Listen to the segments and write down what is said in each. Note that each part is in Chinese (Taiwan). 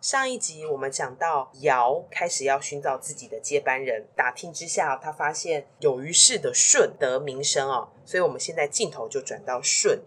上一集我們講到堯開始要尋找自己的接班人，打聽之下他發現有虞氏的舜得名聲哦，所以我們現在鏡頭就轉到舜。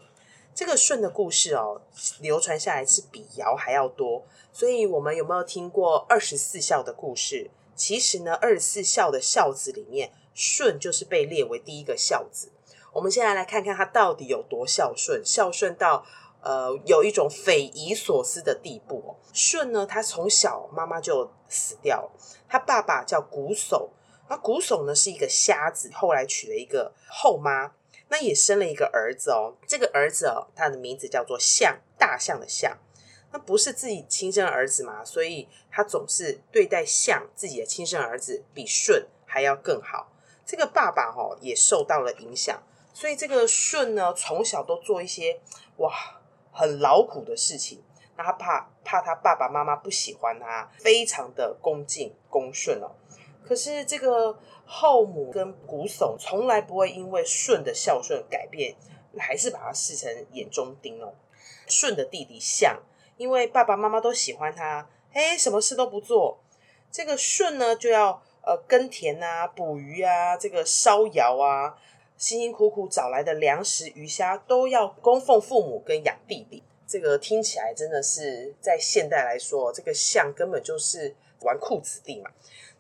這個舜的故事哦，流傳下來是比堯還要多。所以我們有沒有聽過二十四孝的故事？其實呢，二十四孝的孝子裡面，舜就是被列為第一個孝子。我們現在來，來看看他到底有多孝順，孝順到。呃，有一種匪夷所思的地步哦。舜呢，他從小媽媽就死掉了，他爸爸叫瞽叟，那瞽叟呢，是一個瞎子，後來娶了一個後媽，那也生了一個兒子哦。這個兒子哦，他的名字叫做象，大象的象。那不是自己親生兒子嘛，所以他總是對待象自己的親生的兒子比舜還要更好。這個爸爸哦，也受到了影響，所以這個舜呢，從小都做一些哇。很勞苦的事情，那他怕怕，他爸爸媽媽不喜歡他，非常的恭敬恭順哦。可是這個後母跟瞽叟從來不會因為舜的孝順改變，還是把他視成眼中釘哦。舜的弟弟象，因為爸爸媽媽都喜歡他，哎，什麼事都不做。這個舜呢，就要呃，耕田啊、捕魚啊、這個燒窯啊。辛辛苦苦找來的糧食、魚蝦都要供奉父母跟養弟弟，這個聽起來真的是在現代來說，這個象根本就是紈絝子弟嘛。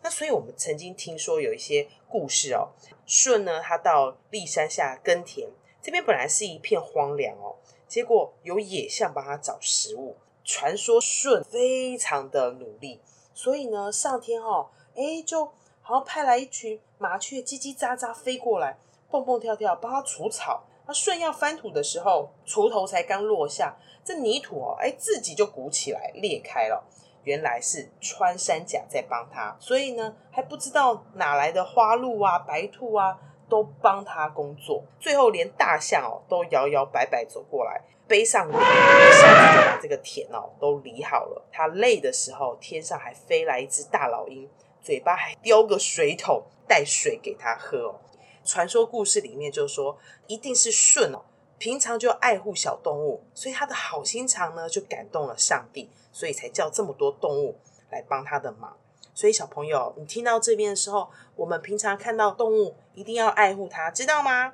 那所以我們曾經聽說有一些故事哦，舜呢，他到歷山下耕田，這邊本來是一片荒涼哦，結果有野象幫他找食物。傳說舜非常的努力，所以呢，上天哦，誒，就好像派來一群麻雀嘰嘰喳喳飛過來。蹦蹦跳跳，幫他除草。他舜要翻土的時候，鋤頭才剛落下，這泥土哦、喔，哎、欸，自己就鼓起來裂開了。原來是穿山甲在幫他，所以呢，還不知道哪來的花鹿啊、白兔啊，都幫他工作。最後連大象哦、喔，都搖搖擺擺走過來，背上一下子就把這個田哦、喔、都理好了。他累的時候，天上還飛來一隻大老鷹，嘴巴還叼個水桶，帶水給他喝哦、喔。傳說故事裡面就說，一定是舜哦、喔，平常就愛護小動物，所以他的好心腸呢就感動了上帝，所以才叫這麼多動物來幫他的忙。所以小朋友，你聽到這邊的時候，我們平常看到動物一定要愛護它，知道嗎？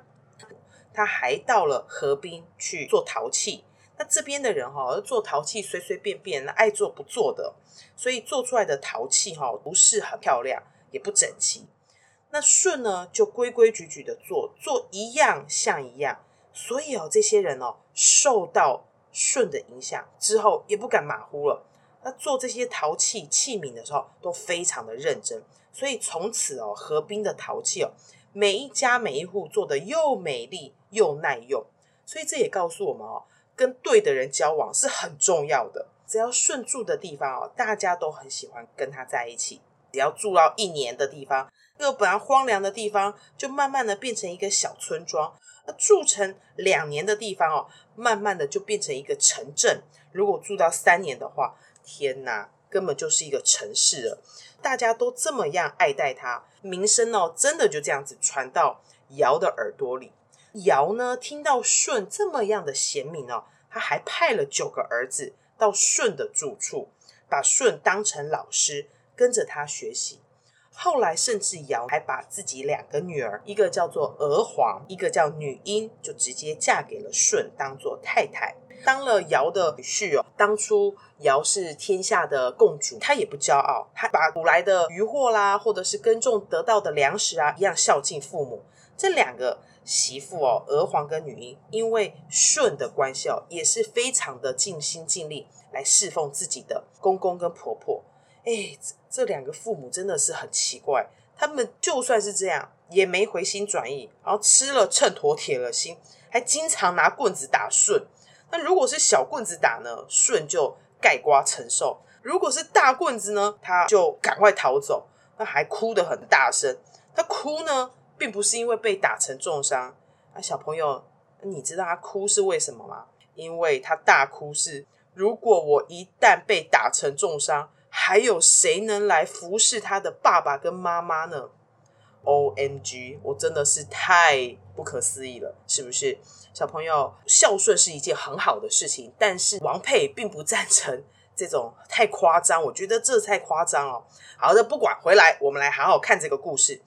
他還到了河邊去做陶器，那這邊的人哈、喔、做陶器隨隨便便，那愛做不做的，所以做出來的陶器哈不是很漂亮，也不整齊。那舜呢，就規規矩矩的做，做一樣像一樣，所以哦，這些人哦，受到舜的影響之後，也不敢馬虎了。那做這些陶器器皿的時候，都非常的認真，所以從此哦，河濱的陶器哦，每一家每一戶做得又美麗又耐用。所以這也告訴我們哦，跟對的人交往是很重要的。只要舜住的地方哦，大家都很喜歡跟他在一起。只要住到一年的地方，一個本來荒涼的地方，就慢慢的變成一個小村莊。那住成兩年的地方哦，慢慢的就變成一個城鎮。如果住到三年的話，天哪，根本就是一個城市了。大家都這麼樣愛戴他，名聲哦，真的就這樣子傳到堯的耳朵裡。堯呢，聽到舜這麼樣的賢明哦，他還派了九個兒子到舜的住處，把舜當成老師，跟着他學習。後來，甚至堯還把自己兩個女兒，一個叫做娥皇，一個叫女英，就直接嫁給了舜，當做太太，當了堯的女婿哦。當初堯是天下的共主，他也不驕傲，他把捕來的漁獲啦，或者是耕種得到的糧食啊，一樣孝敬父母。這兩個媳婦哦，娥皇跟女英，因為舜的關係哦，也是非常的盡心盡力來侍奉自己的公公跟婆婆。哎、欸，這兩個父母真的是很奇怪，他們就算是這樣也沒回心轉意，然後吃了秤砣鐵了心，還經常拿棍子打舜。那如果是小棍子打呢，舜就蓋瓜承受；如果是大棍子呢，他就趕快逃走。那還哭得很大聲，他哭呢，並不是因為被打成重傷。那小朋友，你知道他哭是為什麼嗎？因為他大哭是，如果我一旦被打成重傷。還有誰能來服侍他的爸爸跟媽媽呢？OMG，我真的是太不可思議了，是不是？小朋友，孝順是一件很好的事情，但是王佩並不贊成這種太誇張，我覺得這太誇張哦。好的，不管回來，我們來好好看這個故事。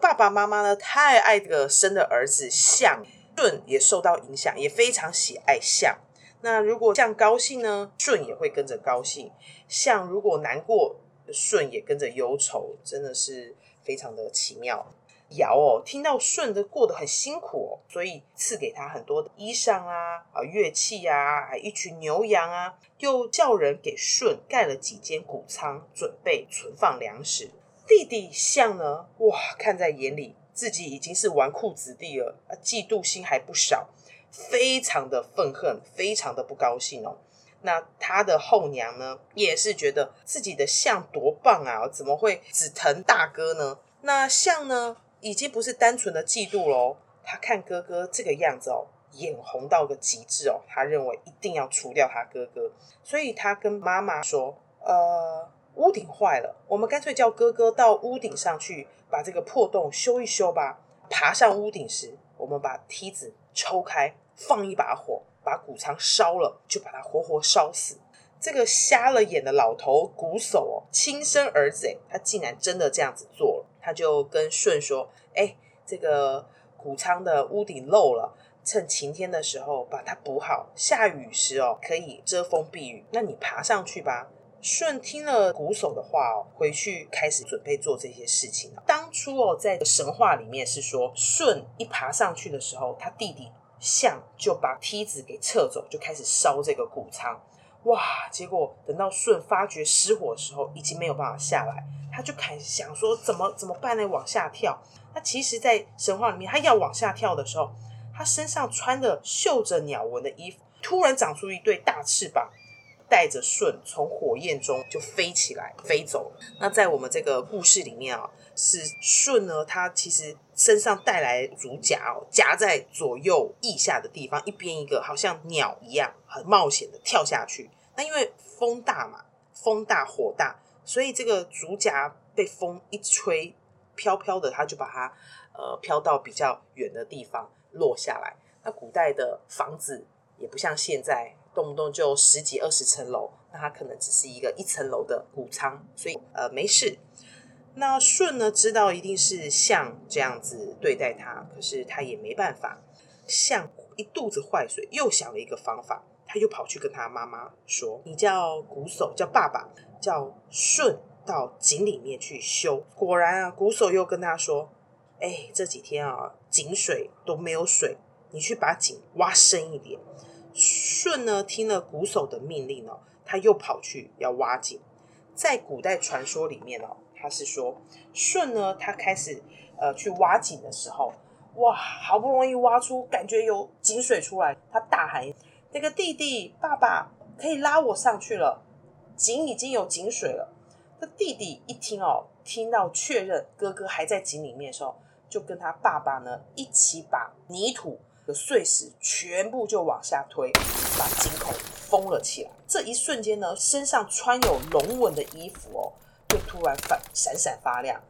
爸爸媽媽呢，太愛這個生的兒子，象，舜也受到影響，也非常喜愛象。那如果象高興呢，舜也會跟着高興；象如果難過，舜也跟着憂愁，真的是非常的奇妙。堯哦，聽到舜的過得很辛苦哦，所以賜給他很多的衣裳啊、啊樂器啊、一群牛羊啊，又叫人給舜蓋了幾間谷倉，準備存放糧食。弟弟象呢，哇，看在眼裡，自己已經是紈絝子弟了，啊，嫉妒心還不少。非常的憤恨，非常的不高興哦。那他的後孃呢，也是覺得自己的象多棒啊，怎麼會只疼大哥呢？那象呢，已經不是單純的嫉妒嘍。他看哥哥這個樣子哦，眼紅到個極致哦。他認為一定要除掉他哥哥，所以他跟媽媽說：“呃，屋頂壞了，我們乾脆叫哥哥到屋頂上去把這個破洞修一修吧。”爬上屋頂時，我們把梯子。抽開放一把火，把谷倉燒了，就把它活活燒死。這個瞎了眼的老頭瞽叟哦，親生兒子誒，他竟然真的這樣子做了。他就跟舜說：“誒，這個谷倉的屋頂漏了，趁晴天的時候把它補好，下雨時哦可以遮風避雨。那你爬上去吧。”舜聽了鼓手的話，喔，回去開始準備做這些事情，喔、當初哦、喔，在神話裡面是說，舜一爬上去的時候，他弟弟象就把梯子給撤走，就開始燒這個穀倉。哇！結果等到舜發覺失火的時候，已經沒有辦法下來，他就開始想說怎麼怎麼辦呢？往下跳。那其實在神話裡面，他要往下跳的時候，他身上穿的繡着鳥紋的衣服，突然長出一對大翅膀。帶着舜從火焰中就飛起來，飛走了。那在我們這個故事裡面啊、哦，是舜呢，他其實身上帶來竹夾哦，夾在左右腋下的地方，一邊一個，好像鳥一樣，很冒險的跳下去。那因為風大嘛，風大火大，所以這個竹夾被風一吹，飄飄的，它就把它呃飄到比較遠的地方落下來。那古代的房子也不像現在。動不動就十幾二十層樓，那他可能只是一個一層樓的穀倉，所以呃沒事。那舜呢，知道一定是像這樣子對待他，可是他也沒辦法。象一肚子壞水，又想了一個方法，他又跑去跟他媽媽說：“你叫瞽叟叫爸爸叫舜到井裡面去修。”果然啊，瞽叟又跟他說：“哎、欸，這幾天啊，井水都沒有水，你去把井挖深一點。”舜呢，聽了鼓手的命令哦，他又跑去要挖井。在古代傳說裡面哦，他是說舜呢，他開始呃去挖井的時候，哇，好不容易挖出，感覺有井水出來，他大喊：“那個弟弟，爸爸可以拉我上去了，井已經有井水了。”他弟弟一聽哦，聽到確認哥哥還在井裡面的時候，就跟他爸爸呢一起把泥土，碎石全部就往下推，把井口封了起來。這一瞬間呢，身上穿有龍紋的衣服哦，就突然反閃閃發亮，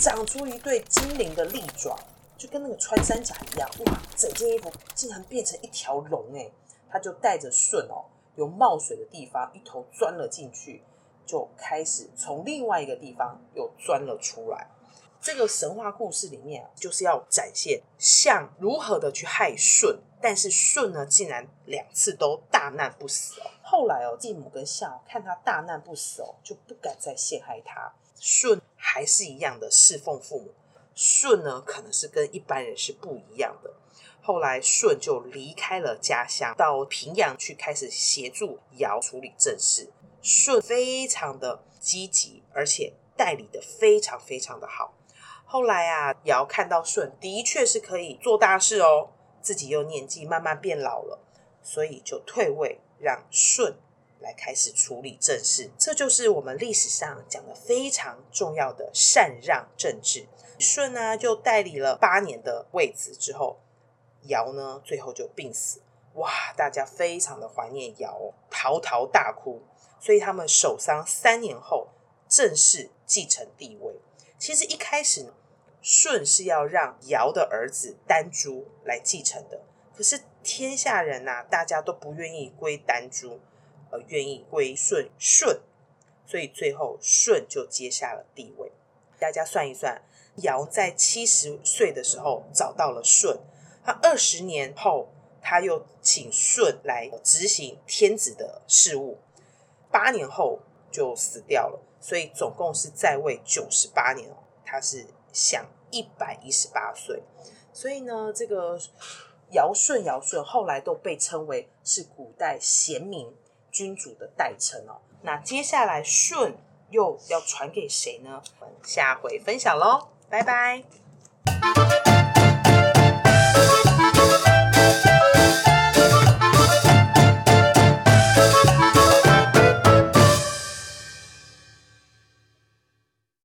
長出一對精靈的利爪，就跟那個穿山甲一樣。哇！整件衣服竟然變成一條龍哎！他就帶着順哦，有冒水的地方，一頭鑽了進去，就開始從另外一個地方又鑽了出來。這個神話故事裡面就是要展現象如何的去害舜，但是舜呢，竟然兩次都大難不死哦。後來哦，繼母跟象看他大難不死哦，就不敢再陷害他。舜還是一樣的侍奉父母。舜呢，可能是跟一般人是不一樣的。後來舜就離開了家鄉，到平陽去開始協助堯處理政事。舜非常的積極，而且代理的非常非常的好。後來啊，堯看到舜的確是可以做大事哦，自己又年紀慢慢變老了，所以就退位，讓舜來開始處理政事。這就是我們歷史上講的非常重要的禪讓政治。舜呢、啊，就代理了八年的位子，之後，堯呢，最後就病死。哇，大家非常的懷念堯、哦，嚎啕大哭。所以他們守喪三年後，正式繼承帝位。其實一開始，舜是要讓堯的兒子丹朱來繼承的。可是天下人啊，大家都不願意歸丹朱，而，願意歸舜舜。所以最後舜就接下了地位。大家算一算，堯在七十歲的時候找到了舜，他二十年後他又請舜來執行天子的事務，八年後就死掉了。所以總共是在位九十八年哦，他是享一百一十八歲。所以呢，這個堯舜堯舜後來都被稱為是古代賢明君主的代稱哦。那接下來舜又要傳給誰呢？我們下回分享嘍，拜拜。